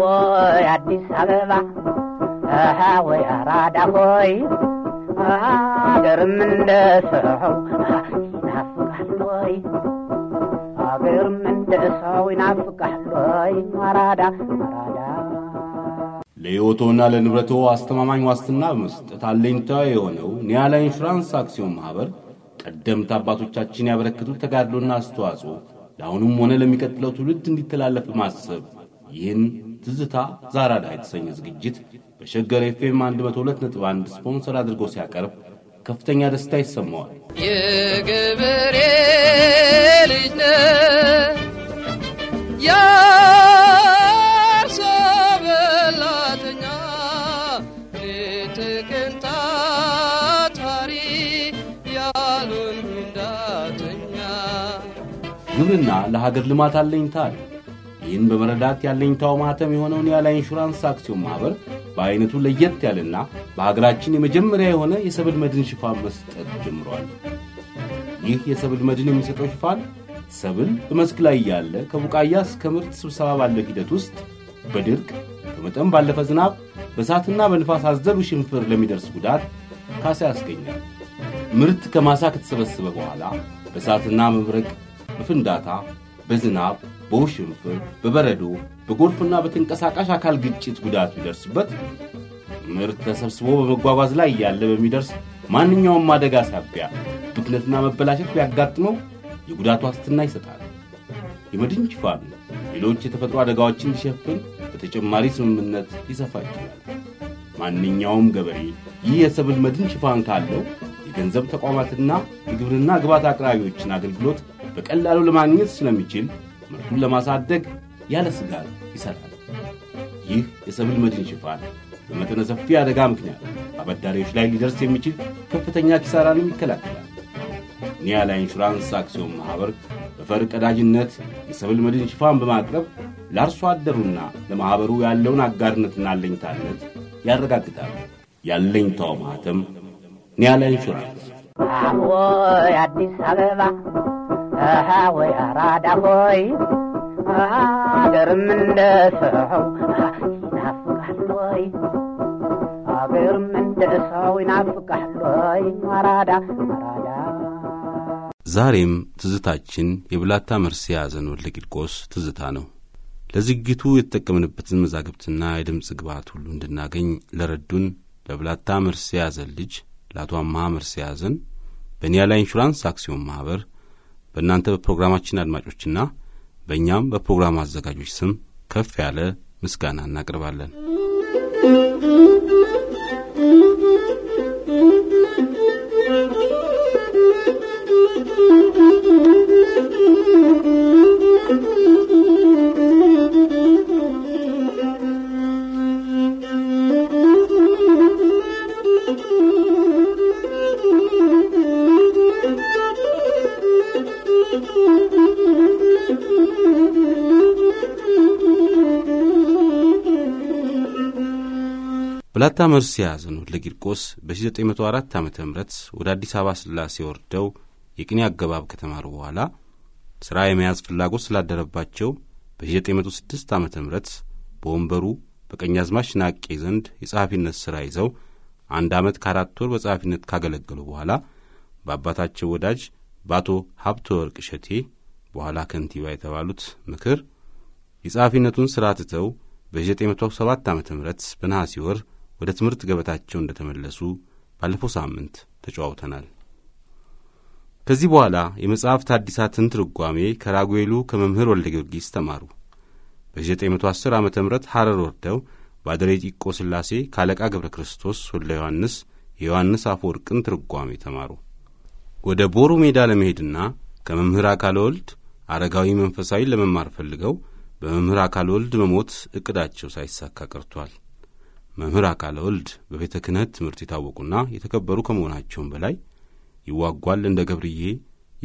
ወይ አዲስ አበባ ወይ አራዳ ሆይ አገርም እንደ ሰው ይናፍቃል ወይ አገርም እንደ ሰው ይናፍቃል ወይ አራዳ አራዳ ለሕይወቶና ለንብረቶ አስተማማኝ ዋስትና በመስጠት አለኝታ የሆነው ኒያላ ኢንሹራንስ አክሲዮን ማኅበር ቀደምት አባቶቻችን ያበረከቱት ተጋድሎና አስተዋጽኦ ለአሁኑም ሆነ ለሚቀጥለው ትውልድ እንዲተላለፍ ማሰብ ይህን ትዝታ ዛራዳ የተሰኘ ዝግጅት በሸገር ኤፍኤም 121 ስፖንሰር አድርጎ ሲያቀርብ ከፍተኛ ደስታ ይሰማዋል። የገበሬ ልጅ ነህ ግብርና ለሀገር ልማት አለኝታ ይህን በመረዳት ያለኝታው ማህተም የሆነውን ያለ ኢንሹራንስ አክሲዮን ማህበር በአይነቱ ለየት ያለና በሀገራችን የመጀመሪያ የሆነ የሰብል መድን ሽፋን መስጠት ጀምሯል። ይህ የሰብል መድን የሚሰጠው ሽፋን ሰብል በመስክ ላይ ያለ ከቡቃያ እስከ ምርት ስብሰባ ባለው ሂደት ውስጥ በድርቅ ከመጠን ባለፈ ዝናብ በእሳትና በንፋስ አዘሉ ሽንፍር ለሚደርስ ጉዳት ካሳ ያስገኛል። ምርት ከማሳ ከተሰበሰበ በኋላ በእሳትና መብረቅ፣ በፍንዳታ፣ በዝናብ በውሽንፍር፣ በበረዶ፣ በጎርፍና በተንቀሳቃሽ አካል ግጭት ጉዳት ቢደርስበት ምርት ተሰብስቦ በመጓጓዝ ላይ እያለ በሚደርስ ማንኛውም አደጋ ሳቢያ ብክነትና መበላሸት ቢያጋጥመው የጉዳት ዋስትና ይሰጣል። የመድን ሽፋኑ ሌሎች የተፈጥሮ አደጋዎችን ሊሸፍን በተጨማሪ ስምምነት ሊሰፋ ይችላል። ማንኛውም ገበሬ ይህ የሰብል መድን ሽፋን ካለው የገንዘብ ተቋማትና የግብርና ግብዓት አቅራቢዎችን አገልግሎት በቀላሉ ለማግኘት ስለሚችል ምርቱን ለማሳደግ ያለ ስጋት ይሰራል። ይህ የሰብል መድን ሽፋን በመጠነ ሰፊ አደጋ ምክንያት አበዳሪዎች ላይ ሊደርስ የሚችል ከፍተኛ ኪሳራንም ይከላከላል። ኒያላ ኢንሹራንስ አክሲዮን ማኅበር በፈር ቀዳጅነት የሰብል መድን ሽፋን በማቅረብ ለአርሶ አደሩና ለማኅበሩ ያለውን አጋርነትና አለኝታነት ያረጋግጣል። ያለኝታው ማኅተም ኒያላ ኢንሹራንስ አዲስ አበባ ወይ አራዳ ሆይ አገርም እንደ ሰው ይናፍቃል ወይ አገርም እንደ ሰው ይናፍቃል ወይ አራዳ አራዳ ዛሬም ትዝታችን የብላታ መርሴ ያዘን ለቂድቆስ ትዝታ ነው። ለዝግቱ የተጠቀምንበትን መዛግብትና የድምፅ ግብዓት ሁሉ እንድናገኝ ለረዱን ለብላታ መርሴ ያዘን ልጅ ለአቶ አምሃ መርሴ ያዘን በኒያላ ኢንሹራንስ አክሲዮን ማኅበር በእናንተ በፕሮግራማችን አድማጮችና በእኛም በፕሮግራም አዘጋጆች ስም ከፍ ያለ ምስጋና እናቅርባለን። Thank you. ብላታ መርሲ ያዘኑ ለቂርቆስ በ1904 ዓ ም ወደ አዲስ አበባ ስላሴ ወርደው የቅኔ አገባብ ከተማሩ በኋላ ሥራ የመያዝ ፍላጎት ስላደረባቸው በ1906 ዓ ም በወንበሩ በቀኛዝማች ናቄ ዘንድ የጸሐፊነት ሥራ ይዘው አንድ ዓመት ከአራት ወር በጸሐፊነት ካገለገሉ በኋላ በአባታቸው ወዳጅ በአቶ ሀብተ ወርቅ እሸቴ በኋላ ከንቲባ የተባሉት ምክር የጸሐፊነቱን ሥራ ትተው በ1907 ዓ ም በነሐሴ ወር ወደ ትምህርት ገበታቸው እንደተመለሱ ባለፈው ሳምንት ተጨዋውተናል። ከዚህ በኋላ የመጽሐፍት አዲሳትን ትርጓሜ ከራጉዌሉ ከመምህር ወልደ ጊዮርጊስ ተማሩ። በ910 ዓ ም ሐረር ወርደው በአደሬ ጢቆ ሥላሴ ከአለቃ ገብረ ክርስቶስ ወልደ ዮሐንስ የዮሐንስ አፈወርቅን ትርጓሜ ተማሩ። ወደ ቦሩ ሜዳ ለመሄድና ከመምህር አካል ወልድ አረጋዊ መንፈሳዊ ለመማር ፈልገው በመምህር አካል ወልድ መሞት ዕቅዳቸው ሳይሳካ ቀርቷል። መምህር አካለ ወልድ በቤተ ክህነት ትምህርት የታወቁና የተከበሩ ከመሆናቸውም በላይ ይዋጓል እንደ ገብርዬ፣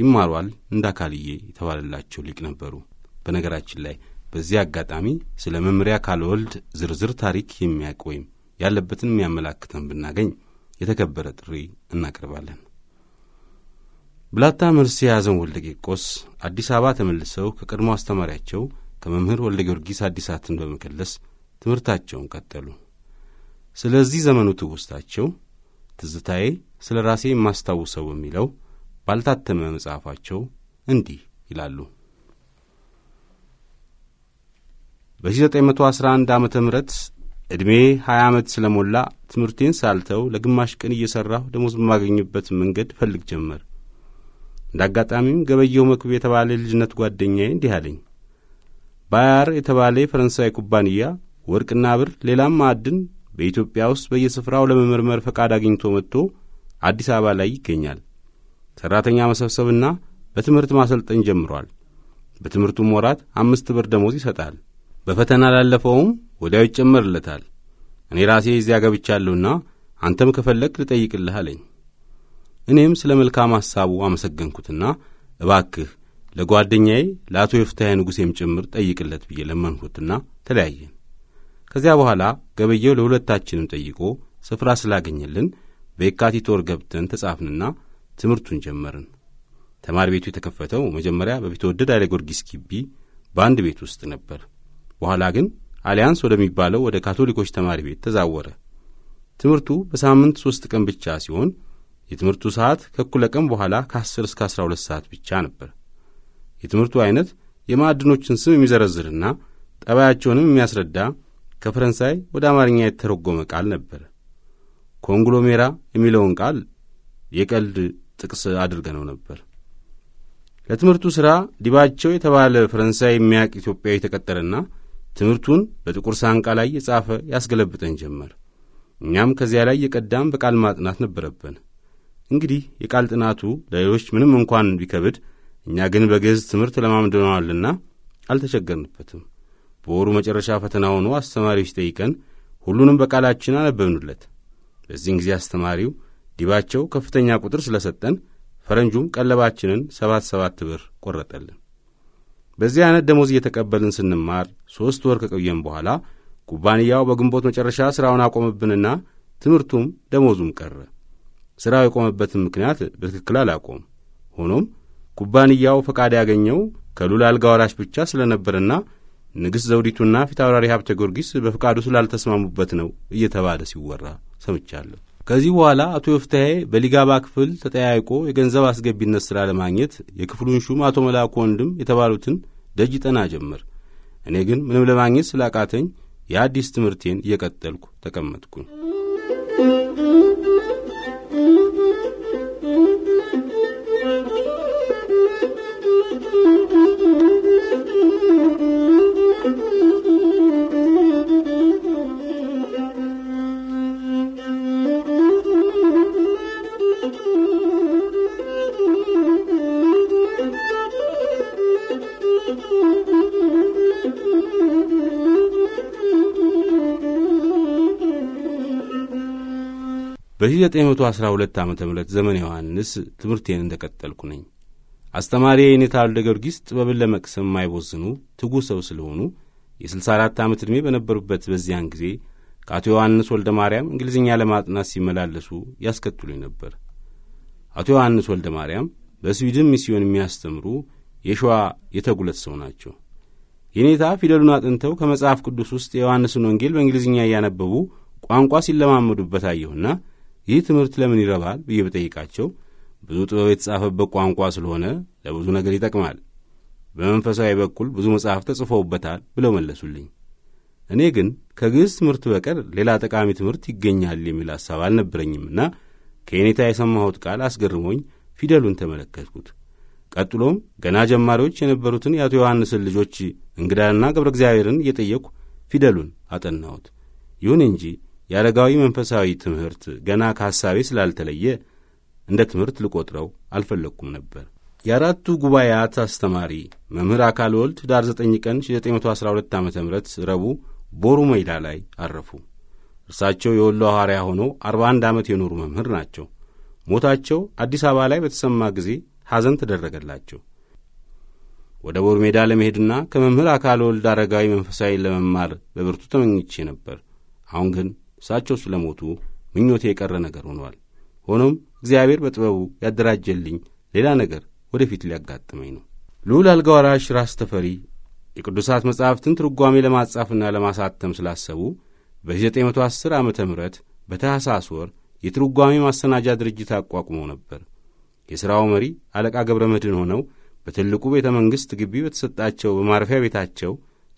ይማሯል እንደ አካልዬ የተባለላቸው ሊቅ ነበሩ። በነገራችን ላይ በዚህ አጋጣሚ ስለ መምሪያ አካለ ወልድ ዝርዝር ታሪክ የሚያውቅ ወይም ያለበትን የሚያመላክተን ብናገኝ የተከበረ ጥሪ እናቀርባለን። ብላታ መርሲ የያዘን ወልደ ቂርቆስ አዲስ አበባ ተመልሰው ከቀድሞ አስተማሪያቸው ከመምህር ወልደ ጊዮርጊስ አዲሳትን በመከለስ ትምህርታቸውን ቀጠሉ። ስለዚህ ዘመኑ ትውስታቸው ትዝታዬ ስለ ራሴ የማስታውሰው የሚለው ባልታተመ መጽሐፋቸው እንዲህ ይላሉ። በ1911 ዓ ም ዕድሜ 20 ዓመት ስለ ሞላ ትምህርቴን ሳልተው ለግማሽ ቀን እየሠራሁ ደሞዝ በማገኝበት መንገድ ፈልግ ጀመር። እንደ አጋጣሚም ገበየው መክብ የተባለ የልጅነት ጓደኛዬ እንዲህ አለኝ። ባያር የተባለ የፈረንሳይ ኩባንያ ወርቅና ብር ሌላም ማዕድን በኢትዮጵያ ውስጥ በየስፍራው ለመመርመር ፈቃድ አግኝቶ መጥቶ አዲስ አበባ ላይ ይገኛል። ሠራተኛ መሰብሰብና በትምህርት ማሰልጠን ጀምሯል። በትምህርቱም ወራት አምስት ብር ደሞዝ ይሰጣል። በፈተና ላለፈውም ወዲያው ይጨመርለታል። እኔ ራሴ እዚያ ገብቻለሁና አንተም ከፈለግ ልጠይቅልህ አለኝ። እኔም ስለ መልካም ሐሳቡ አመሰገንኩትና እባክህ ለጓደኛዬ ለአቶ የፍትሐ ንጉሴም ጭምር ጠይቅለት ብዬ ለመንሁትና ተለያየን። ከዚያ በኋላ ገበየው ለሁለታችንም ጠይቆ ስፍራ ስላገኘልን በየካቲት ወር ገብተን ተጻፍንና ትምህርቱን ጀመርን። ተማሪ ቤቱ የተከፈተው መጀመሪያ በቤተወደድ ኃይለ ጊዮርጊስ ግቢ በአንድ ቤት ውስጥ ነበር። በኋላ ግን አሊያንስ ወደሚባለው ወደ ካቶሊኮች ተማሪ ቤት ተዛወረ። ትምህርቱ በሳምንት ሦስት ቀን ብቻ ሲሆን የትምህርቱ ሰዓት ከእኩለ ቀን በኋላ ከ10 እስከ 12 ሰዓት ብቻ ነበር። የትምህርቱ ዐይነት የማዕድኖችን ስም የሚዘረዝርና ጠባያቸውንም የሚያስረዳ ከፈረንሳይ ወደ አማርኛ የተተረጎመ ቃል ነበር። ኮንግሎሜራ የሚለውን ቃል የቀልድ ጥቅስ አድርገነው ነበር። ለትምህርቱ ሥራ ዲባቸው የተባለ ፈረንሳይ የሚያውቅ ኢትዮጵያዊ ተቀጠረና ትምህርቱን በጥቁር ሳንቃ ላይ የጻፈ ያስገለብጠን ጀመር። እኛም ከዚያ ላይ የቀዳም በቃል ማጥናት ነበረብን። እንግዲህ የቃል ጥናቱ ለሌሎች ምንም እንኳን ቢከብድ፣ እኛ ግን በግዕዝ ትምህርት ለማምደነዋልና አልተቸገርንበትም። በወሩ መጨረሻ ፈተና ሆኖ አስተማሪዎች ጠይቀን ሁሉንም በቃላችን አነበብንለት። በዚህን ጊዜ አስተማሪው ዲባቸው ከፍተኛ ቁጥር ስለሰጠን ፈረንጁም ቀለባችንን ሰባት ሰባት ብር ቆረጠልን። በዚህ አይነት ደሞዝ እየተቀበልን ስንማር ሦስት ወር ከቆየን በኋላ ኩባንያው በግንቦት መጨረሻ ሥራውን አቆመብንና ትምህርቱም ደሞዙም ቀረ። ሥራው የቆመበትን ምክንያት በትክክል አላቆም። ሆኖም ኩባንያው ፈቃድ ያገኘው ከሉላ አልጋ ወራሽ ብቻ ስለነበርና ንግሥት ዘውዲቱና ፊታውራሪ ሀብተ ጊዮርጊስ በፍቃዱ ስላልተስማሙበት ነው እየተባለ ሲወራ ሰምቻለሁ። ከዚህ በኋላ አቶ ዮፍታሔ በሊጋባ ክፍል ተጠያይቆ የገንዘብ አስገቢነት ሥራ ለማግኘት የክፍሉን ሹም አቶ መላኩ ወንድም የተባሉትን ደጅ ጠና ጀመር። እኔ ግን ምንም ለማግኘት ስላቃተኝ የአዲስ ትምህርቴን እየቀጠልኩ ተቀመጥኩኝ። Thank you. በ1912 ዓ ም ዘመን ዮሐንስ ትምህርቴን እንደቀጠልኩ ነኝ። አስተማሪ የኔታ ወልደ ጊዮርጊስ ጥበብን ለመቅሰም የማይቦዝኑ ትጉ ሰው ስለሆኑ የ64 ዓመት ዕድሜ በነበሩበት በዚያን ጊዜ ከአቶ ዮሐንስ ወልደ ማርያም እንግሊዝኛ ለማጥናት ሲመላለሱ ያስከትሉኝ ነበር። አቶ ዮሐንስ ወልደ ማርያም በስዊድን ሚስዮን የሚያስተምሩ የሸዋ የተጉለት ሰው ናቸው። የኔታ ፊደሉን አጥንተው ከመጽሐፍ ቅዱስ ውስጥ የዮሐንስን ወንጌል በእንግሊዝኛ እያነበቡ ቋንቋ ሲለማመዱበት አየሁና ይህ ትምህርት ለምን ይረባል ብዬ በጠይቃቸው ብዙ ጥበብ የተጻፈበት ቋንቋ ስለሆነ ለብዙ ነገር ይጠቅማል። በመንፈሳዊ በኩል ብዙ መጽሐፍ ተጽፈውበታል ብለው መለሱልኝ። እኔ ግን ከግዕዝ ትምህርት በቀር ሌላ ጠቃሚ ትምህርት ይገኛል የሚል ሐሳብ አልነበረኝምና ከኔታ የሰማሁት ቃል አስገርሞኝ ፊደሉን ተመለከትኩት። ቀጥሎም ገና ጀማሪዎች የነበሩትን የአቶ ዮሐንስን ልጆች እንግዳና ገብረ እግዚአብሔርን እየጠየቅሁ ፊደሉን አጠናሁት። ይሁን እንጂ የአረጋዊ መንፈሳዊ ትምህርት ገና ከሐሳቤ ስላልተለየ እንደ ትምህርት ልቆጥረው አልፈለግኩም ነበር። የአራቱ ጉባኤያት አስተማሪ መምህር አካል ወልድ ዳር 9 ቀን 1912 ዓ ም ረቡዕ ቦሩ ሜዳ ላይ አረፉ። እርሳቸው የወሎ ሐዋርያ ሆኖ 41 ዓመት የኖሩ መምህር ናቸው። ሞታቸው አዲስ አበባ ላይ በተሰማ ጊዜ ሐዘን ተደረገላቸው። ወደ ቦሩ ሜዳ ለመሄድና ከመምህር አካል ወልድ አረጋዊ መንፈሳዊ ለመማር በብርቱ ተመኝቼ ነበር። አሁን ግን እሳቸው ስለሞቱ ምኞቴ የቀረ ነገር ሆኗል። ሆኖም እግዚአብሔር በጥበቡ ያደራጀልኝ ሌላ ነገር ወደፊት ሊያጋጥመኝ ነው። ልዑል አልጋ ወራሽ ራስ ተፈሪ የቅዱሳት መጻሕፍትን ትርጓሜ ለማጻፍና ለማሳተም ስላሰቡ በ1910 ዓ ም በታሕሳስ ወር የትርጓሜ ማሰናጃ ድርጅት አቋቁመው ነበር። የሥራው መሪ አለቃ ገብረ መድኅን ሆነው በትልቁ ቤተ መንግሥት ግቢ በተሰጣቸው በማረፊያ ቤታቸው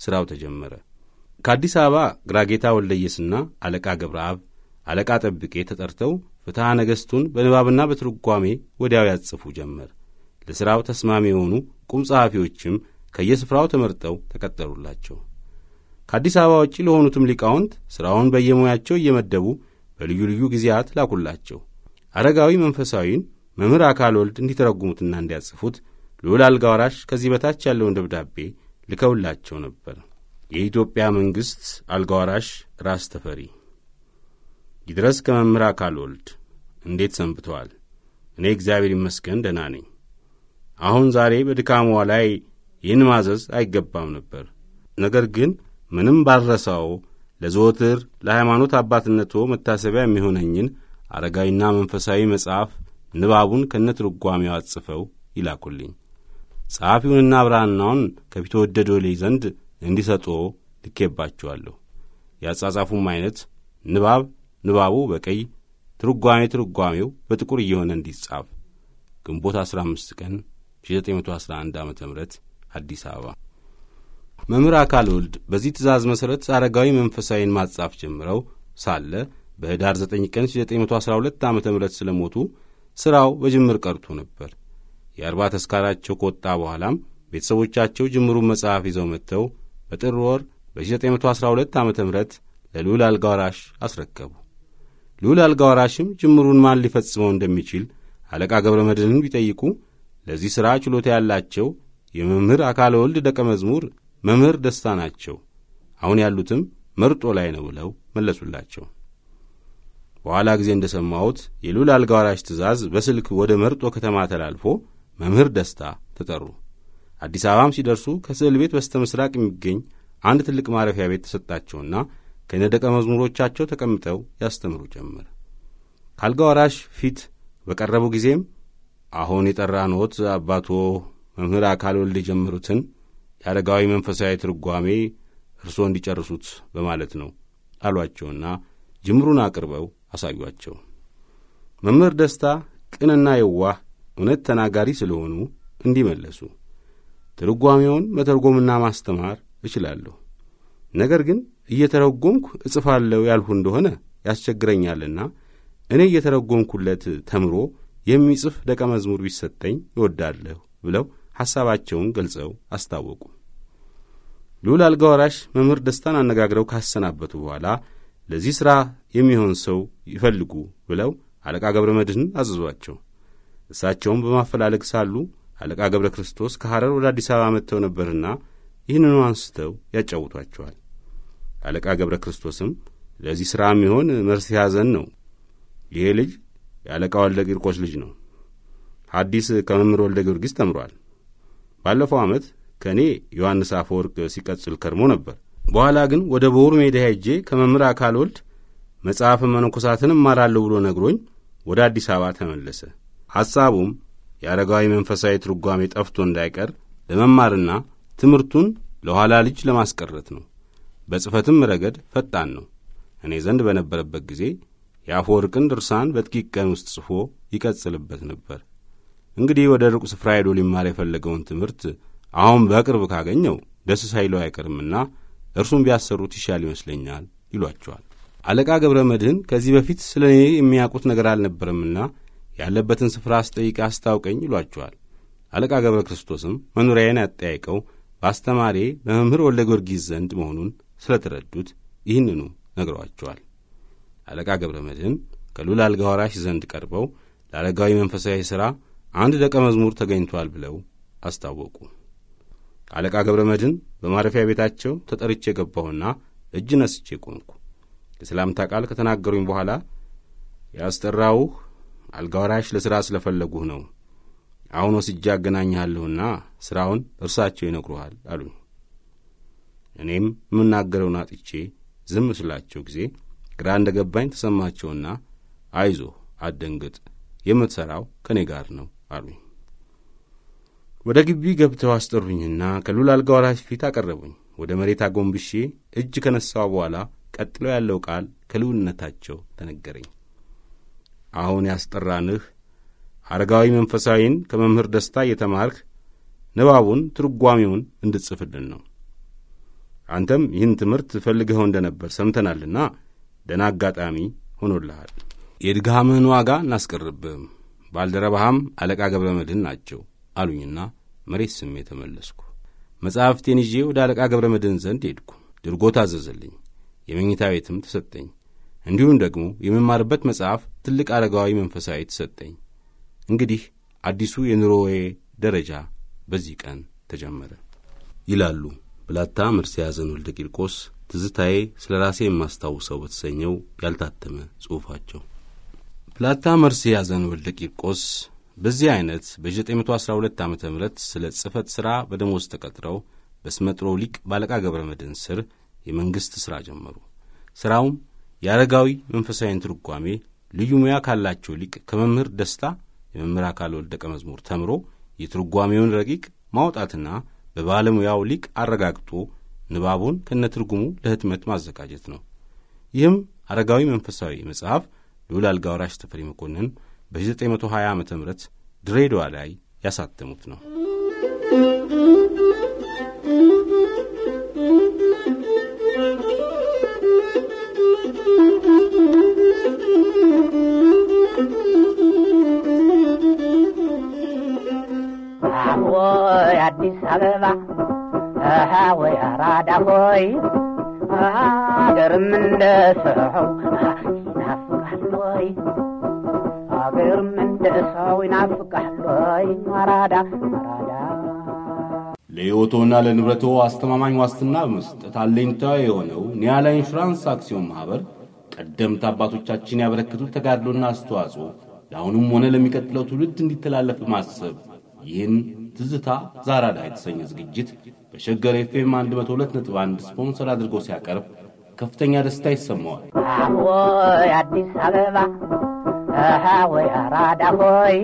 ሥራው ተጀመረ። ከአዲስ አበባ ግራጌታ ወልደየስና አለቃ ገብረአብ፣ አለቃ ጠብቄ ተጠርተው ፍትሐ ነገሥቱን በንባብና በትርጓሜ ወዲያው ያጽፉ ጀመር። ለሥራው ተስማሚ የሆኑ ቁም ጸሐፊዎችም ከየስፍራው ተመርጠው ተቀጠሩላቸው። ከአዲስ አበባ ውጪ ለሆኑትም ሊቃውንት ሥራውን በየሙያቸው እየመደቡ በልዩ ልዩ ጊዜያት ላኩላቸው። አረጋዊ መንፈሳዊን መምህር አካል ወልድ እንዲተረጉሙትና እንዲያጽፉት ልዑል አልጋ ወራሽ ከዚህ በታች ያለውን ደብዳቤ ልከውላቸው ነበር። የኢትዮጵያ መንግሥት አልጋ ወራሽ ራስ ተፈሪ ይድረስ ከመምህር አካል ወልድ እንዴት ሰንብተዋል? እኔ እግዚአብሔር ይመስገን ደህና ነኝ። አሁን ዛሬ በድካሟ ላይ ይህን ማዘዝ አይገባም ነበር። ነገር ግን ምንም ባልረሳው ለዘወትር ለሃይማኖት አባትነቶ መታሰቢያ የሚሆነኝን አረጋዊና መንፈሳዊ መጽሐፍ ንባቡን ከነትርጓሜው አጽፈው ይላኩልኝ። ጸሐፊውንና ብራናውን ከፊተወደዶ ወሌ ዘንድ እንዲሰጦ ልኬባቸዋለሁ። የአጻጻፉም ዐይነት ንባብ ንባቡ በቀይ ትርጓሜ ትርጓሜው በጥቁር እየሆነ እንዲጻፍ ግንቦት 15 ቀን 1911 ዓ ም አዲስ አበባ መምህር አካል ወልድ በዚህ ትእዛዝ መሠረት አረጋዊ መንፈሳዊን ማጻፍ ጀምረው ሳለ በህዳር 9 ቀን 1912 ዓ ም ስለሞቱ ሥራው በጅምር ቀርቶ ነበር። የአርባ ተስካራቸው ከወጣ በኋላም ቤተሰቦቻቸው ጅምሩን መጽሐፍ ይዘው መጥተው በጥር ወር በ1912 ዓ ም ለልዑል አልጋ ወራሽ አስረከቡ። ልዑል አልጋ ወራሽም ጅምሩን ማን ሊፈጽመው እንደሚችል አለቃ ገብረ መድህንን ቢጠይቁ ለዚህ ሥራ ችሎታ ያላቸው የመምህር አካለ ወልድ ደቀ መዝሙር መምህር ደስታ ናቸው። አሁን ያሉትም መርጦ ላይ ነው ብለው መለሱላቸው። በኋላ ጊዜ እንደ ሰማሁት የልዑል አልጋ ወራሽ ትእዛዝ በስልክ ወደ መርጦ ከተማ ተላልፎ መምህር ደስታ ተጠሩ። አዲስ አበባም ሲደርሱ ከስዕል ቤት በስተ ምስራቅ የሚገኝ አንድ ትልቅ ማረፊያ ቤት ተሰጣቸውና ከነደቀ መዝሙሮቻቸው ተቀምጠው ያስተምሩ ጀመር። ካልጋ ወራሽ ፊት በቀረቡ ጊዜም አሁን የጠራንዎት አባቶ መምህር አካል ወልድ የጀመሩትን የአደጋዊ መንፈሳዊ ትርጓሜ እርስዎ እንዲጨርሱት በማለት ነው አሏቸውና ጅምሩን አቅርበው አሳዩአቸው። መምህር ደስታ ቅንና የዋህ እውነት ተናጋሪ ስለሆኑ እንዲመለሱ ትርጓሜውን መተርጎምና ማስተማር እችላለሁ ነገር ግን እየተረጎምኩ እጽፋለሁ ያልሁ እንደሆነ ያስቸግረኛልና እኔ እየተረጎምኩለት ተምሮ የሚጽፍ ደቀ መዝሙር ቢሰጠኝ እወዳለሁ ብለው ሐሳባቸውን ገልጸው አስታወቁ። ልዑል አልጋ ወራሽ መምህር ደስታን አነጋግረው ካሰናበቱ በኋላ ለዚህ ሥራ የሚሆን ሰው ይፈልጉ ብለው አለቃ ገብረ መድህንን አዘዟቸው። እሳቸውም በማፈላለግ ሳሉ አለቃ ገብረ ክርስቶስ ከሐረር ወደ አዲስ አበባ መጥተው ነበርና ይህንኑ አንስተው ያጫውቷቸዋል። አለቃ ገብረ ክርስቶስም ለዚህ ሥራ የሚሆን መርስ ያዘን ነው። ይሄ ልጅ የአለቃ ወልደ ቂርቆስ ልጅ ነው። ሐዲስ ከመምህር ወልደ ጊዮርጊስ ተምሯል። ባለፈው ዓመት ከእኔ ዮሐንስ አፈወርቅ ሲቀጽል ከርሞ ነበር። በኋላ ግን ወደ ቦሩ ሜዳ ሄጄ ከመምህር አካል ወልድ መጽሐፈ መነኮሳትን እማራለሁ ብሎ ነግሮኝ ወደ አዲስ አበባ ተመለሰ። ሐሳቡም የአረጋዊ መንፈሳዊ ትርጓሜ ጠፍቶ እንዳይቀር ለመማርና ትምህርቱን ለኋላ ልጅ ለማስቀረት ነው። በጽህፈትም ረገድ ፈጣን ነው። እኔ ዘንድ በነበረበት ጊዜ የአፈወርቅን ድርሳን በጥቂት ቀን ውስጥ ጽፎ ይቀጽልበት ነበር። እንግዲህ ወደ ሩቅ ስፍራ ሄዶ ሊማር የፈለገውን ትምህርት አሁን በቅርብ ካገኘው ደስ ሳይለው አይቀርምና እርሱን ቢያሰሩት ይሻል ይመስለኛል ይሏቸዋል። አለቃ ገብረ መድህን ከዚህ በፊት ስለ እኔ የሚያውቁት ነገር አልነበረምና ያለበትን ስፍራ አስጠይቅ አስታውቀኝ ይሏቸዋል። አለቃ ገብረ ክርስቶስም መኖሪያዬን ያጠያይቀው በአስተማሪ በመምህር ወልደ ጊዮርጊስ ዘንድ መሆኑን ስለተረዱት ይህንኑ ነግረዋቸዋል። አለቃ ገብረ መድህን ከሉል አልጋ ወራሽ ዘንድ ቀርበው ለአለጋዊ መንፈሳዊ ሥራ አንድ ደቀ መዝሙር ተገኝቷል ብለው አስታወቁ። አለቃ ገብረ መድህን በማረፊያ ቤታቸው ተጠርቼ የገባሁና እጅ ነስቼ ቆምኩ። የሰላምታ ቃል ከተናገሩኝ በኋላ ያስጠራውህ አልጋ ወራሽ ለሥራ ስለፈለጉህ ነው። አሁን ወስጄ አገናኝሃለሁና ሥራውን እርሳቸው ይነግሩሃል አሉኝ። እኔም የምናገረውን አጥቼ ዝም ስላቸው ጊዜ ግራ እንደ ገባኝ ተሰማቸውና አይዞ አደንግጥ የምትሠራው ከእኔ ጋር ነው አሉኝ። ወደ ግቢ ገብተው አስጠሩኝና ከሉል አልጋ ወራሽ ፊት አቀረቡኝ። ወደ መሬት አጎንብሼ እጅ ከነሳው በኋላ ቀጥለው ያለው ቃል ከልውነታቸው ተነገረኝ። አሁን ያስጠራንህ አረጋዊ መንፈሳዊን ከመምህር ደስታ እየተማርክ ንባቡን ትርጓሜውን እንድትጽፍልን ነው። አንተም ይህን ትምህርት ፈልገኸው እንደነበር ሰምተናልና ደና አጋጣሚ ሆኖልሃል። የድግሃምህን ዋጋ እናስቀርብህም፣ ባልደረባህም አለቃ ገብረ መድህን ናቸው አሉኝና መሬት ስሜ ተመለስኩ። መጽሐፍቴን ይዤ ወደ አለቃ ገብረ መድህን ዘንድ ሄድኩ። ድርጎ ታዘዘልኝ፣ የመኝታ ቤትም ተሰጠኝ። እንዲሁም ደግሞ የምማርበት መጽሐፍ ትልቅ አረጋዊ መንፈሳዊ ተሰጠኝ። እንግዲህ አዲሱ የኑሮዬ ደረጃ በዚህ ቀን ተጀመረ ይላሉ ብላታ መርሴ ያዘን ወልደ ቂርቆስ ትዝታዬ ስለ ራሴ የማስታውሰው በተሰኘው ያልታተመ ጽሑፋቸው ብላታ መርስ ያዘን ወልደ ቂርቆስ በዚህ አይነት በ912 ዓ ም ስለ ጽሕፈት ሥራ በደሞዝ ተቀጥረው በስመጥሮ ሊቅ ባለቃ ገብረ መድን ስር የመንግሥት ሥራ ጀመሩ። ሥራውም የአረጋዊ መንፈሳዊን ትርጓሜ ልዩ ሙያ ካላቸው ሊቅ ከመምህር ደስታ የመምህር አካል ወልደቀ መዝሙር ተምሮ የትርጓሜውን ረቂቅ ማውጣትና በባለሙያው ሊቅ አረጋግጦ ንባቡን ከነትርጉሙ ለህትመት ማዘጋጀት ነው። ይህም አረጋዊ መንፈሳዊ መጽሐፍ ልዑል አልጋ ወራሽ ተፈሪ መኮንን በ1920 ዓ ም ድሬዳዋ ላይ ያሳተሙት ነው። ሆይ አዲስ አበባ ወይ አራዳ ሆይ አገርም እንደ ሰው ይናፍቃል ወይ አገርም እንደ ሰው ይናፍቃል ወይ አራዳ አራዳ ለሕይወቶና ለንብረቶ አስተማማኝ ዋስትና በመስጠት አለኝታዊ የሆነው ኒያላ ኢንሹራንስ አክሲዮን ማኅበር ቀደምት አባቶቻችን ያበረከቱት ተጋድሎና አስተዋጽኦ ለአሁኑም ሆነ ለሚቀጥለው ትውልድ እንዲተላለፍ ማሰብ ይህን ትዝታ ዛራዳ የተሰኘ ዝግጅት በሸገር ኤፍኤም 102.1 ስፖንሰር አድርጎ ሲያቀርብ ከፍተኛ ደስታ ይሰማዋል። ወይ አዲስ አበባ ወይ አራዳ ሆይ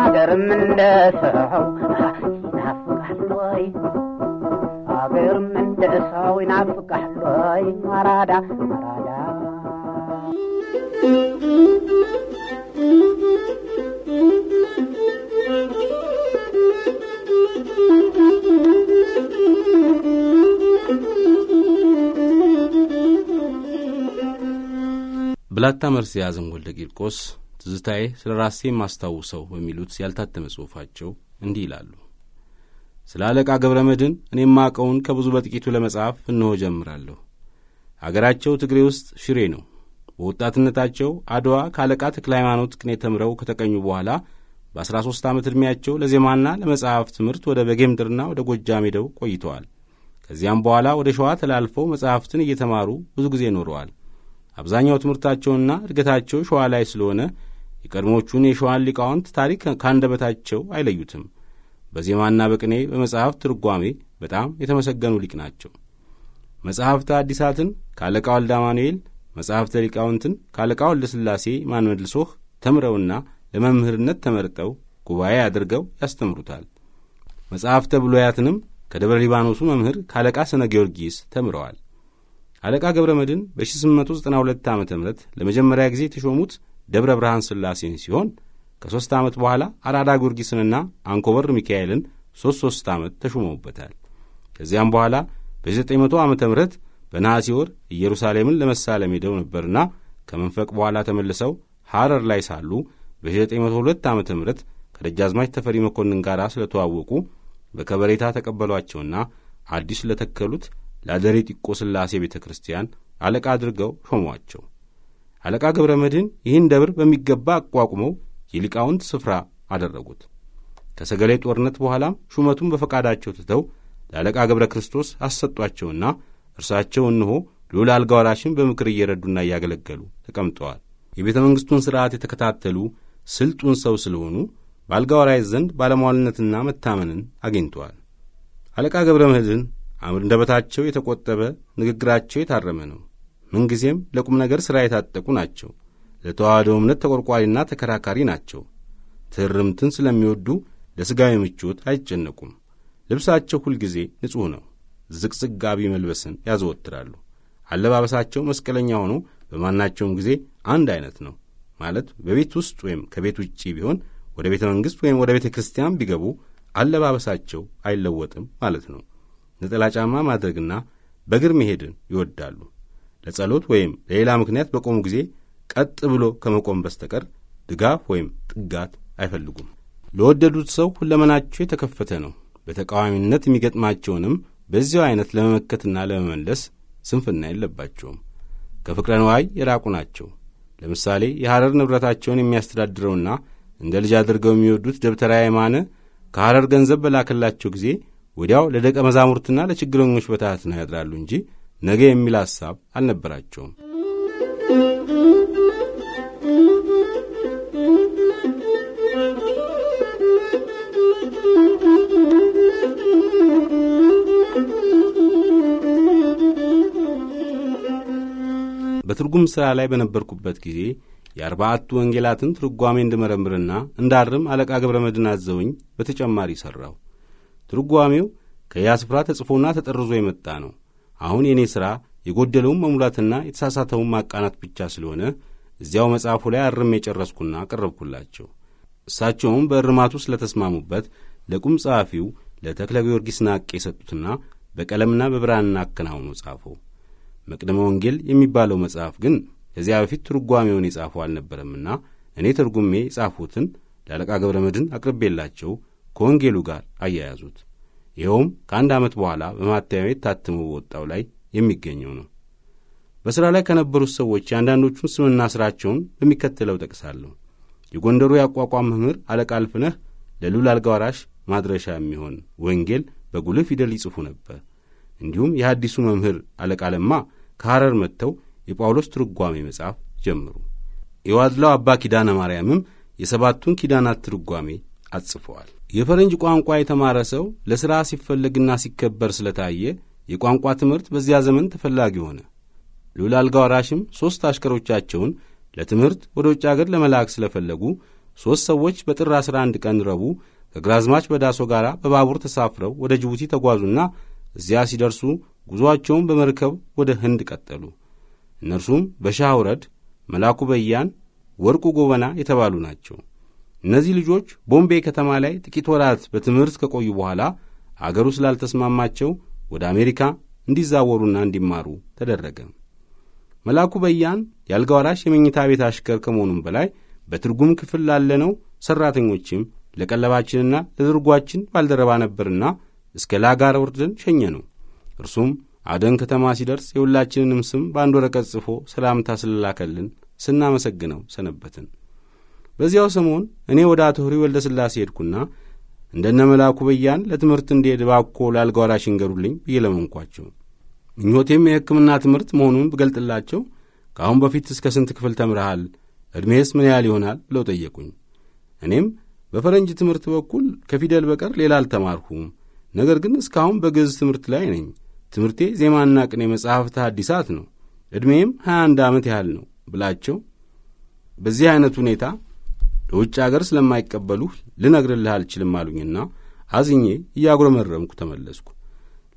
አገርም እንደ ሰው ይናፍቃል ወይ አገርም እንደ ሰው ይናፍቃል ወይ አራዳ አራዳ ብላታ መርስ የያዘን ወልደ ቂርቆስ ትዝታዬ ስለ ራሴ የማስታውሰው በሚሉት ያልታተመ ጽሑፋቸው እንዲህ ይላሉ። ስለ አለቃ ገብረ መድን እኔ የማውቀውን ከብዙ በጥቂቱ ለመጻፍ እንሆ ጀምራለሁ። አገራቸው ትግሬ ውስጥ ሽሬ ነው። በወጣትነታቸው አድዋ ከአለቃ ተክለ ሃይማኖት ቅኔ ተምረው ከተቀኙ በኋላ በ13 ዓመት ዕድሜያቸው ለዜማና ለመጽሐፍ ትምህርት ወደ በጌምድርና ወደ ጎጃም ሄደው ቆይተዋል። ከዚያም በኋላ ወደ ሸዋ ተላልፈው መጽሐፍትን እየተማሩ ብዙ ጊዜ ኖረዋል። አብዛኛው ትምህርታቸውና እድገታቸው ሸዋ ላይ ስለሆነ የቀድሞቹን የሸዋን ሊቃውንት ታሪክ ካንደበታቸው አይለዩትም። በዜማና በቅኔ በመጽሐፍ ትርጓሜ በጣም የተመሰገኑ ሊቅ ናቸው። መጽሐፍተ አዲሳትን ከአለቃ ወልደ አማኑኤል መጽሐፍተ ሊቃውንትን ካለቃ ወልደ ሥላሴ ማን መልሶህ ተምረውና ለመምህርነት ተመርጠው ጉባኤ አድርገው ያስተምሩታል። መጽሐፍተ ብሉያትንም ከደብረ ሊባኖሱ መምህር ካለቃ ስነ ጊዮርጊስ ተምረዋል። አለቃ ገብረ መድን በ892 ዓ ም ለመጀመሪያ ጊዜ የተሾሙት ደብረ ብርሃን ሥላሴን ሲሆን ከሦስት ዓመት በኋላ አራዳ ጊዮርጊስንና አንኮበር ሚካኤልን ሦስት ሦስት ዓመት ተሾመውበታል። ከዚያም በኋላ በ900 ዓ ም በነሐሴ ወር ኢየሩሳሌምን ለመሳለም ሄደው ነበርና ከመንፈቅ በኋላ ተመልሰው ሐረር ላይ ሳሉ በ902 ዓ ም ከደጃዝማች ተፈሪ መኮንን ጋር ስለተዋወቁ በከበሬታ ተቀበሏቸውና አዲስ ለተከሉት ለአደሬ ጢቆ ሥላሴ ቤተ ክርስቲያን አለቃ አድርገው ሾሟቸው። አለቃ ገብረ መድን ይህን ደብር በሚገባ አቋቁመው የሊቃውንት ስፍራ አደረጉት። ከሰገሌ ጦርነት በኋላም ሹመቱን በፈቃዳቸው ትተው ለአለቃ ገብረ ክርስቶስ አሰጧቸውና እርሳቸው እንሆ ልዑል አልጋ ወራሽን በምክር እየረዱና እያገለገሉ ተቀምጠዋል። የቤተ መንግሥቱን ሥርዓት የተከታተሉ ስልጡን ሰው ስለሆኑ በአልጋ ወራሽ ዘንድ ባለሟልነትና መታመንን አግኝተዋል። አለቃ ገብረ ምህድን አንደበታቸው የተቆጠበ ንግግራቸው የታረመ ነው። ምንጊዜም ለቁም ነገር ሥራ የታጠቁ ናቸው። ለተዋህዶ እምነት ተቆርቋሪና ተከራካሪ ናቸው። ትርምትን ስለሚወዱ ለሥጋዊ ምቾት አይጨነቁም። ልብሳቸው ሁልጊዜ ንጹሕ ነው። ዝቅዝቅ ጋቢ መልበስን ያዘወትራሉ። አለባበሳቸው መስቀለኛ ሆኖ በማናቸውም ጊዜ አንድ አይነት ነው። ማለት በቤት ውስጥ ወይም ከቤት ውጪ ቢሆን ወደ ቤተ መንግሥት ወይም ወደ ቤተ ክርስቲያን ቢገቡ አለባበሳቸው አይለወጥም ማለት ነው። ነጠላ ጫማ ማድረግና በእግር መሄድን ይወዳሉ። ለጸሎት ወይም ለሌላ ምክንያት በቆሙ ጊዜ ቀጥ ብሎ ከመቆም በስተቀር ድጋፍ ወይም ጥጋት አይፈልጉም። ለወደዱት ሰው ሁለመናቸው የተከፈተ ነው። በተቃዋሚነት የሚገጥማቸውንም በዚያው አይነት ለመመከትና ለመመለስ ስንፍና የለባቸውም። ከፍቅረ ነዋይ የራቁ ናቸው። ለምሳሌ የሐረር ንብረታቸውን የሚያስተዳድረውና እንደ ልጅ አድርገው የሚወዱት ደብተራ የማነ ከሐረር ገንዘብ በላከላቸው ጊዜ ወዲያው ለደቀ መዛሙርትና ለችግረኞች በታት ነው ያድራሉ እንጂ ነገ የሚል ሐሳብ አልነበራቸውም። በትርጉም ሥራ ላይ በነበርኩበት ጊዜ የአርባአቱ ወንጌላትን ትርጓሜ እንድመረምርና እንዳርም አለቃ ገብረ መድን አዘውኝ በተጨማሪ ሠራው። ትርጓሜው ከያ ስፍራ ተጽፎና ተጠርዞ የመጣ ነው። አሁን የእኔ ሥራ የጎደለውን መሙላትና የተሳሳተውን ማቃናት ብቻ ስለሆነ እዚያው መጽሐፉ ላይ አርም የጨረስኩና አቀረብኩላቸው። እሳቸውም በእርማቱ ስለተስማሙበት ለቁም ጸሐፊው ለተክለ ጊዮርጊስ ናቅ የሰጡትና በቀለምና በብርሃንና አከናውኖ ጻፈው። መቅደመ ወንጌል የሚባለው መጽሐፍ ግን ከዚያ በፊት ትርጓሜውን የጻፉ አልነበረምና እኔ ተርጉሜ የጻፉትን ለአለቃ ገብረ መድን አቅርቤላቸው ከወንጌሉ ጋር አያያዙት። ይኸውም ከአንድ ዓመት በኋላ በማተሚያ ታትሞ በወጣው ላይ የሚገኘው ነው። በሥራ ላይ ከነበሩት ሰዎች የአንዳንዶቹን ስምና ሥራቸውን በሚከተለው ጠቅሳለሁ። የጎንደሩ የአቋቋም መምህር አለቃ አልፍነህ ለልዑል አልጋ ወራሽ ማድረሻ የሚሆን ወንጌል በጉልህ ፊደል ይጽፉ ነበር። እንዲሁም የአዲሱ መምህር አለቃ ለማ ከሐረር መጥተው የጳውሎስ ትርጓሜ መጽሐፍ ጀምሩ። የዋድላው አባ ኪዳነ ማርያምም የሰባቱን ኪዳናት ትርጓሜ አጽፈዋል። የፈረንጅ ቋንቋ የተማረ ሰው ለሥራ ሲፈለግና ሲከበር ስለታየ የቋንቋ ትምህርት በዚያ ዘመን ተፈላጊ ሆነ። ልዑል አልጋ ወራሽም ሦስት አሽከሮቻቸውን ለትምህርት ወደ ውጭ አገር ለመላክ ስለፈለጉ ሦስት ሰዎች በጥር 11 ቀን ረቡዕ ከግራዝማች በዳሶ ጋር በባቡር ተሳፍረው ወደ ጅቡቲ ተጓዙና እዚያ ሲደርሱ ጉዞአቸውን በመርከብ ወደ ህንድ ቀጠሉ። እነርሱም በሻህ ውረድ፣ መላኩ በያን፣ ወርቁ ጎበና የተባሉ ናቸው። እነዚህ ልጆች ቦምቤ ከተማ ላይ ጥቂት ወራት በትምህርት ከቆዩ በኋላ አገሩ ስላልተስማማቸው ወደ አሜሪካ እንዲዛወሩና እንዲማሩ ተደረገ። መላኩ በያን የአልጋ ወራሽ የመኝታ ቤት አሽከር ከመሆኑም በላይ በትርጉም ክፍል ላለነው ሠራተኞችም ለቀለባችንና ለድርጓችን ባልደረባ ነበርና እስከ ላጋር ወርደን ሸኘ ነው። እርሱም አደን ከተማ ሲደርስ የሁላችንንም ስም በአንድ ወረቀት ጽፎ ሰላምታ ስለላከልን ስናመሰግነው ሰነበትን። በዚያው ሰሞን እኔ ወደ አቶ ህሪ ወልደ ሥላሴ ሄድኩና እንደነ መላኩ በያን ለትምህርት እንዲሄድ ባኮ ለአልጋ ወራሽ ይንገሩልኝ ብዬ ለመንኳቸው። ምኞቴም የሕክምና ትምህርት መሆኑን ብገልጥላቸው ከአሁን በፊት እስከ ስንት ክፍል ተምረሃል? ዕድሜስ ምን ያህል ይሆናል? ብለው ጠየቁኝ። እኔም በፈረንጅ ትምህርት በኩል ከፊደል በቀር ሌላ አልተማርሁም ነገር ግን እስካሁን በግዕዝ ትምህርት ላይ ነኝ። ትምህርቴ ዜማና ቅኔ መጽሐፍት አዲሳት ነው። ዕድሜም 21 ዓመት ያህል ነው ብላቸው በዚህ አይነት ሁኔታ ለውጭ አገር ስለማይቀበሉህ ልነግርልህ አልችልም አሉኝና አዝኜ እያጉረመረምኩ ተመለስኩ።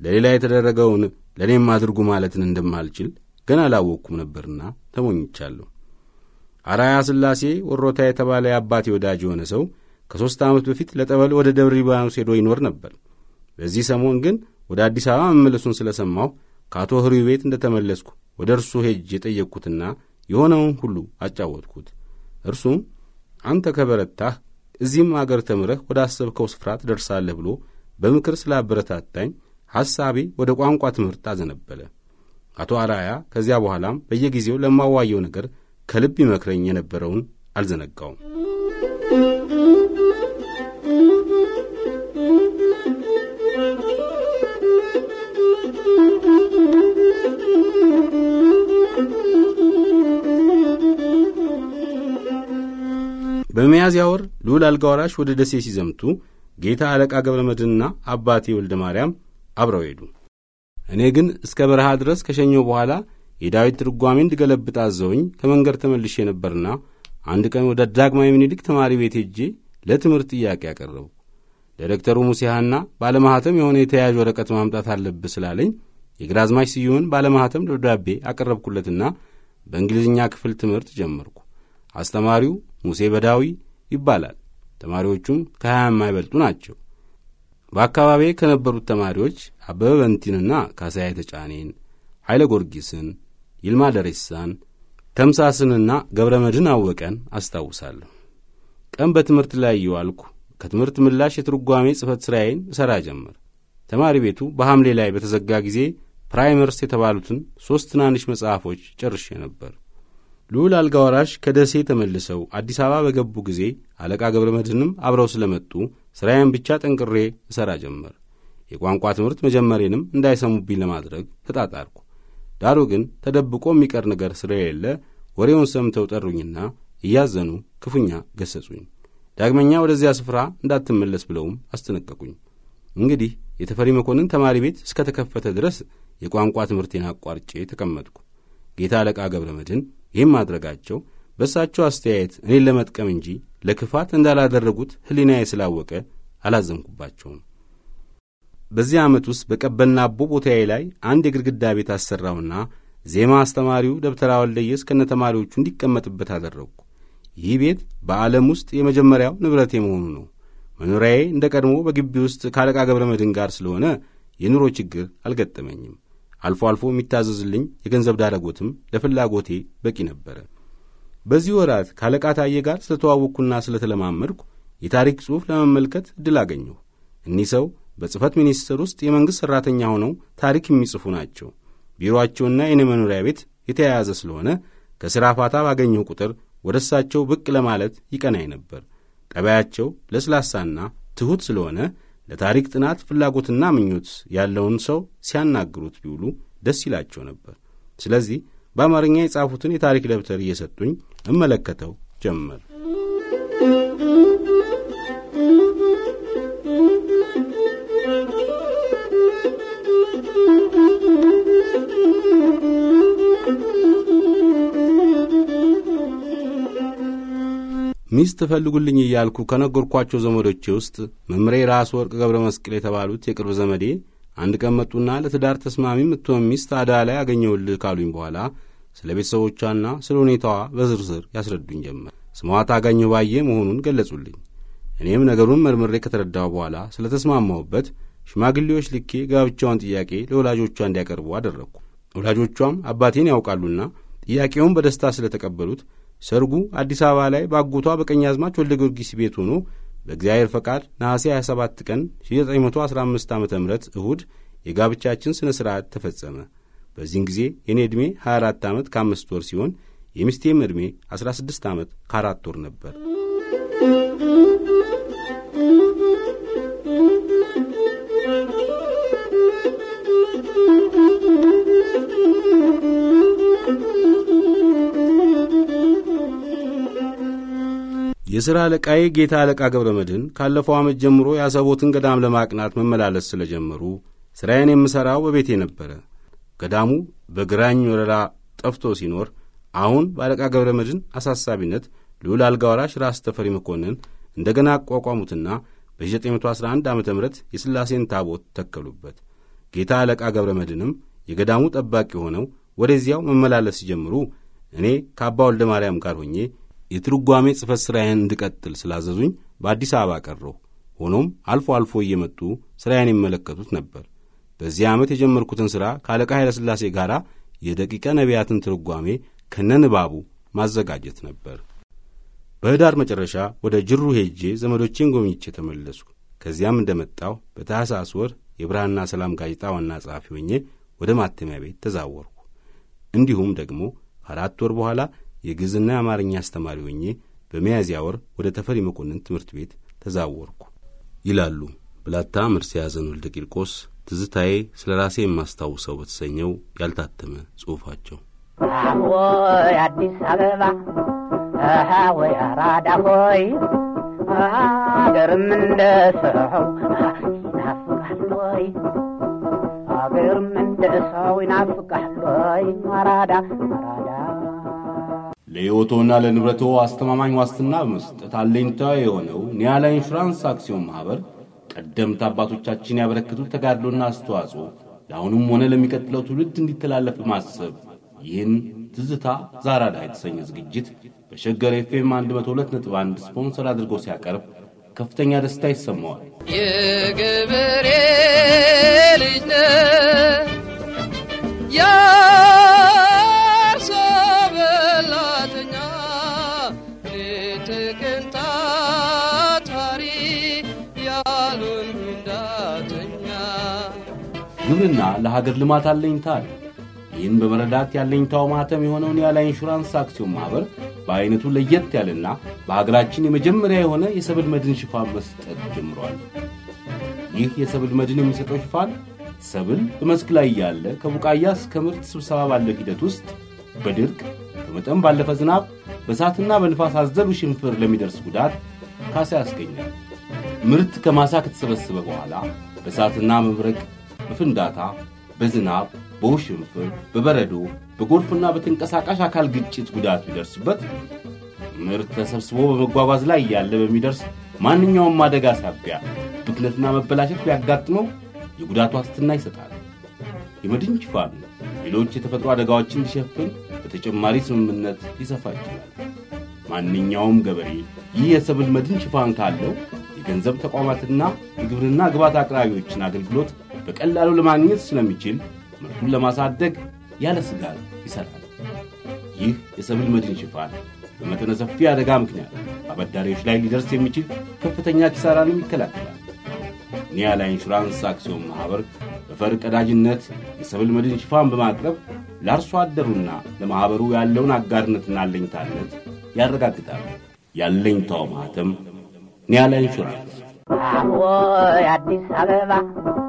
ለሌላ የተደረገውን ለእኔም አድርጉ ማለትን እንደማልችል ገና አላወቅኩም ነበርና ተሞኝቻለሁ። አራያ ሥላሴ ወሮታ የተባለ የአባቴ ወዳጅ የሆነ ሰው ከሦስት ዓመት በፊት ለጠበል ወደ ደብረ ሊባኖስ ሄዶ ይኖር ነበር። በዚህ ሰሞን ግን ወደ አዲስ አበባ መመለሱን ሰማሁ ከአቶ ህሪ ቤት እንደ ተመለስኩ ወደ እርሱ ሄጅ የጠየቅኩትና የሆነውን ሁሉ አጫወትኩት። እርሱም አንተ ከበረታህ እዚህም አገር ተምረህ ወደ አሰብከው ስፍራ ትደርሳለህ ብሎ በምክር ስላበረታታኝ ሐሳቤ ወደ ቋንቋ ትምህርት አዘነበለ። አቶ አራያ ከዚያ በኋላም በየጊዜው ለማዋየው ነገር ከልብ ይመክረኝ የነበረውን አልዘነጋውም። በሚያዝያ ወር ልዑል አልጋ ወራሽ ወደ ደሴ ሲዘምቱ ጌታ አለቃ ገብረ መድንና አባቴ ወልደ ማርያም አብረው ሄዱ። እኔ ግን እስከ በረሃ ድረስ ከሸኘው በኋላ የዳዊት ትርጓሜ እንድገለብጥ አዘውኝ ከመንገድ ተመልሼ ነበርና አንድ ቀን ወደ ዳግማዊ ምኒልክ ተማሪ ቤት ሄጄ ለትምህርት ጥያቄ አቀረቡ። ዳይሬክተሩ ሙሴሃና ባለማኅተም የሆነ የተያያዥ ወረቀት ማምጣት አለብህ ስላለኝ የግራዝማች ስዩምን ባለማኅተም ደብዳቤ አቀረብኩለትና በእንግሊዝኛ ክፍል ትምህርት ጀመርኩ። አስተማሪው ሙሴ በዳዊ ይባላል። ተማሪዎቹም ከሀያ የማይበልጡ ናቸው። በአካባቢዬ ከነበሩት ተማሪዎች አበበ በንቲንና ካሳያ የተጫኔን፣ ኃይለ ጊዮርጊስን፣ ይልማ ደሬሳን፣ ተምሳስንና ገብረ መድን አወቀን አስታውሳለሁ። ቀን በትምህርት ላይ እየዋልኩ ከትምህርት ምላሽ የትርጓሜ ጽሕፈት ሥራዬን እሠራ ጀመር። ተማሪ ቤቱ በሐምሌ ላይ በተዘጋ ጊዜ ፕራይመርስ የተባሉትን ሦስት ትናንሽ መጽሐፎች ጨርሼ ነበር። ልዑል አልጋ ወራሽ ከደሴ ተመልሰው አዲስ አበባ በገቡ ጊዜ አለቃ ገብረ መድህንም አብረው ስለመጡ ሥራዬን ብቻ ጠንቅሬ እሠራ ጀመር። የቋንቋ ትምህርት መጀመሬንም እንዳይሰሙብኝ ለማድረግ ተጣጣርኩ። ዳሩ ግን ተደብቆ የሚቀር ነገር ስለሌለ ወሬውን ሰምተው ጠሩኝና እያዘኑ ክፉኛ ገሰጹኝ። ዳግመኛ ወደዚያ ስፍራ እንዳትመለስ ብለውም አስጠነቀቁኝ። እንግዲህ የተፈሪ መኮንን ተማሪ ቤት እስከ ተከፈተ ድረስ የቋንቋ ትምህርቴን አቋርጬ ተቀመጥኩ። ጌታ አለቃ ገብረ መድህን ይህም ማድረጋቸው በእሳቸው አስተያየት እኔን ለመጥቀም እንጂ ለክፋት እንዳላደረጉት ሕሊናዬ ስላወቀ አላዘንኩባቸውም። በዚህ ዓመት ውስጥ በቀበና አቦ ቦታዬ ላይ አንድ የግድግዳ ቤት አሰራውና ዜማ አስተማሪው ደብተራ ወልደየስ ከነ ተማሪዎቹ እንዲቀመጥበት አደረግኩ። ይህ ቤት በዓለም ውስጥ የመጀመሪያው ንብረቴ መሆኑ ነው። መኖሪያዬ እንደ ቀድሞ በግቢ ውስጥ ከአለቃ ገብረ መድን ጋር ስለሆነ የኑሮ ችግር አልገጠመኝም። አልፎ አልፎ የሚታዘዝልኝ የገንዘብ ዳረጎትም ለፍላጎቴ በቂ ነበረ። በዚህ ወራት ካለቃ ታዬ ጋር ስለተዋወቅኩና ስለተለማመድኩ የታሪክ ጽሑፍ ለመመልከት ዕድል አገኘሁ። እኒህ ሰው በጽህፈት ሚኒስቴር ውስጥ የመንግሥት ሠራተኛ ሆነው ታሪክ የሚጽፉ ናቸው። ቢሮአቸውና የኔ መኖሪያ ቤት የተያያዘ ስለሆነ ከሥራ ፋታ ባገኘሁ ቁጥር ወደ እሳቸው ብቅ ለማለት ይቀናኝ ነበር። ጠባያቸው ለስላሳና ትሑት ስለሆነ ለታሪክ ጥናት ፍላጎትና ምኞት ያለውን ሰው ሲያናግሩት ቢውሉ ደስ ይላቸው ነበር። ስለዚህ በአማርኛ የጻፉትን የታሪክ ደብተር እየሰጡኝ እመለከተው ጀመር። ሚስት ፈልጉልኝ እያልኩ ከነገርኳቸው ዘመዶቼ ውስጥ መምሬ ራስ ወርቅ ገብረ መስቀል የተባሉት የቅርብ ዘመዴ አንድ ቀን መጡና ለትዳር ተስማሚ የምትሆን ሚስት አዳ ላይ አገኘውልህ ካሉኝ በኋላ ስለ ቤተሰቦቿና ስለ ሁኔታዋ በዝርዝር ያስረዱኝ ጀመር። ስሟ ታጋኘው ባዬ መሆኑን ገለጹልኝ። እኔም ነገሩን መርምሬ ከተረዳው በኋላ ስለ ተስማማሁበት ሽማግሌዎች ልኬ ጋብቻውን ጥያቄ ለወላጆቿ እንዲያቀርቡ አደረግኩ። ወላጆቿም አባቴን ያውቃሉና ጥያቄውን በደስታ ስለ ተቀበሉት ሰርጉ አዲስ አበባ ላይ በአጎቷ አዝማች ወልደ ጊዮርጊስ ቤት ሆኖ በእግዚአብሔር ፈቃድ ነሐሴ 27 ቀን 1915 ዓ ም እሁድ የጋብቻችን ሥነ ሥርዓት ተፈጸመ። በዚህን ጊዜ የእኔ ዕድሜ 24 ዓመት ከአምስት ወር ሲሆን የሚስቴም ዕድሜ 16 ዓመት ከአራት ወር ነበር። የሥራ አለቃዬ ጌታ አለቃ ገብረ መድን ካለፈው ዓመት ጀምሮ የአሰቦትን ገዳም ለማቅናት መመላለስ ስለጀመሩ ሥራዬን የምሠራው በቤቴ ነበረ። ገዳሙ በግራኝ ወረራ ጠፍቶ ሲኖር አሁን በአለቃ ገብረ መድን አሳሳቢነት ልዑል አልጋ ወራሽ ራስ ተፈሪ መኮንን እንደ ገና አቋቋሙትና በ1911 ዓ ም የሥላሴን ታቦት ተከሉበት። ጌታ አለቃ ገብረመድህንም የገዳሙ ጠባቂ ሆነው ወደዚያው መመላለስ ሲጀምሩ እኔ ከአባ ወልደ ማርያም ጋር ሆኜ የትርጓሜ ጽፈት ሥራዬን እንድቀጥል ስላዘዙኝ በአዲስ አበባ ቀረሁ። ሆኖም አልፎ አልፎ እየመጡ ሥራዬን ይመለከቱት ነበር። በዚህ ዓመት የጀመርኩትን ሥራ ከአለቃ ኃይለሥላሴ ጋር የደቂቀ ነቢያትን ትርጓሜ ከነንባቡ ማዘጋጀት ነበር። በኅዳር መጨረሻ ወደ ጅሩ ሄጄ ዘመዶቼን ጎብኝቼ ተመለስኩ። ከዚያም እንደመጣሁ በታህሳስ ወር የብርሃንና ሰላም ጋዜጣ ዋና ጸሐፊ ሆኜ ወደ ማተሚያ ቤት ተዛወርኩ። እንዲሁም ደግሞ ከአራት ወር በኋላ የግዕዝና አማርኛ አስተማሪ ሆኜ በመያዝያ ወር ወደ ተፈሪ መኮንን ትምህርት ቤት ተዛወርኩ ይላሉ ብላታ መርስዔሐዘን ወልደ ቂርቆስ ትዝታዬ ስለ ራሴ የማስታውሰው በተሰኘው ያልታተመ ጽሑፋቸው። ወይ አዲስ አበባ ወይ አራዳ ሆይ አገርም እንደ ሰው ይናፍቃል ወይ አገርም እንደ ሰው ይናፍቃል ወይ አራዳ አራዳ ለሕይወቶና ለንብረቶ አስተማማኝ ዋስትና በመስጠት አለኝታ የሆነው ኒያላ ኢንሹራንስ አክሲዮን ማኅበር ቀደምት አባቶቻችን ያበረከቱት ተጋድሎና አስተዋጽኦ ለአሁኑም ሆነ ለሚቀጥለው ትውልድ እንዲተላለፍ ማሰብ ይህን ትዝታ ዛራዳ የተሰኘ ዝግጅት በሸገር ኤፍኤም 102.1 ስፖንሰር አድርጎ ሲያቀርብ ከፍተኛ ደስታ ይሰማዋል። ሀገር ልማት አለኝታ ነው። ይህን በመረዳት ያለኝታው ማህተም የሆነውን ያለ ኢንሹራንስ አክሲዮን ማኅበር በዐይነቱ ለየት ያለና በሀገራችን የመጀመሪያ የሆነ የሰብል መድን ሽፋን መስጠት ጀምሯል። ይህ የሰብል መድን የሚሰጠው ሽፋን ሰብል በመስክ ላይ ያለ ከቡቃያ እስከ ምርት ስብሰባ ባለው ሂደት ውስጥ በድርቅ በመጠን ባለፈ ዝናብ በእሳትና በንፋስ አዘሉ ሽንፍር ለሚደርስ ጉዳት ካሳ ያስገኛል። ምርት ከማሳ ከተሰበሰበ በኋላ በእሳትና መብረቅ በፍንዳታ በዝናብ፣ በውሽንፍር፣ በበረዶ፣ በጎርፍና በተንቀሳቃሽ አካል ግጭት ጉዳት ቢደርስበት ምርት ተሰብስቦ በመጓጓዝ ላይ ያለ በሚደርስ ማንኛውም አደጋ ሳቢያ ብክነትና መበላሸት ቢያጋጥመው የጉዳት ዋስትና ይሰጣል። የመድን ሽፋን ሌሎች የተፈጥሮ አደጋዎችን ሊሸፍን በተጨማሪ ስምምነት ሊሰፋ ይችላል። ማንኛውም ገበሬ ይህ የሰብል መድን ሽፋን ካለው የገንዘብ ተቋማትና የግብርና ግብዓት አቅራቢዎችን አገልግሎት በቀላሉ ለማግኘት ስለሚችል ምርቱን ለማሳደግ ያለ ስጋት ይሰራል። ይህ የሰብል መድን ሽፋን በመጠነ ሰፊ አደጋ ምክንያት አበዳሪዎች ላይ ሊደርስ የሚችል ከፍተኛ ኪሳራንም ይከላከላል። ኒያላ ኢንሹራንስ አክሲዮን ማኅበር በፈር ቀዳጅነት የሰብል መድን ሽፋን በማቅረብ ለአርሶ አደሩና ለማኅበሩ ያለውን አጋርነትና አለኝታነት ያረጋግጣል። ያለኝታው ማኅተም ኒያላ ኢንሹራንስ። አዲስ አበባ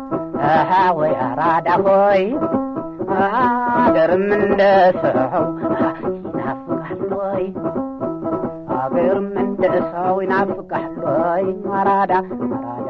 ወይ አራዳ ሆይ አገርም እንደ ሰው ይናፍቃል ወይ አገርም እንደ ሰው ይናፍቃል ወይ አራዳ አራዳ